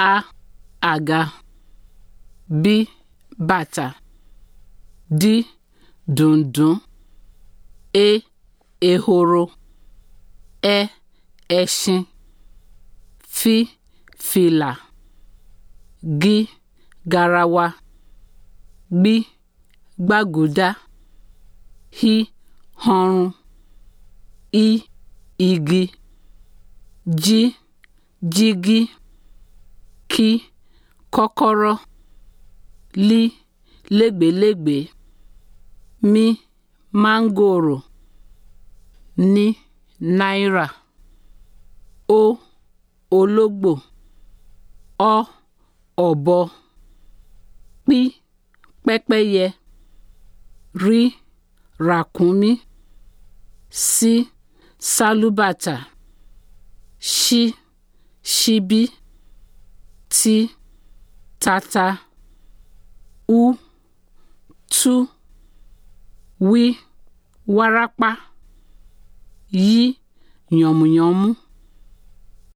a àga b bàtà d dùndún e ehoro ẹ e, ẹṣin f fìlà g garawa gb gbàgùdà h ọrùn i igi j jígí kí kọ́kọ́rọ́ lí lẹ́gbẹ̀lẹ́gbẹ̀ mí mángòrò ní náírà ó ológbò ọ ọ̀bọ pí pẹ́pẹ́yẹ rí ràkúnmí sí sálúbàtà ṣí ṣíbí ti tata u tu wi warapa yi yànmùyánmú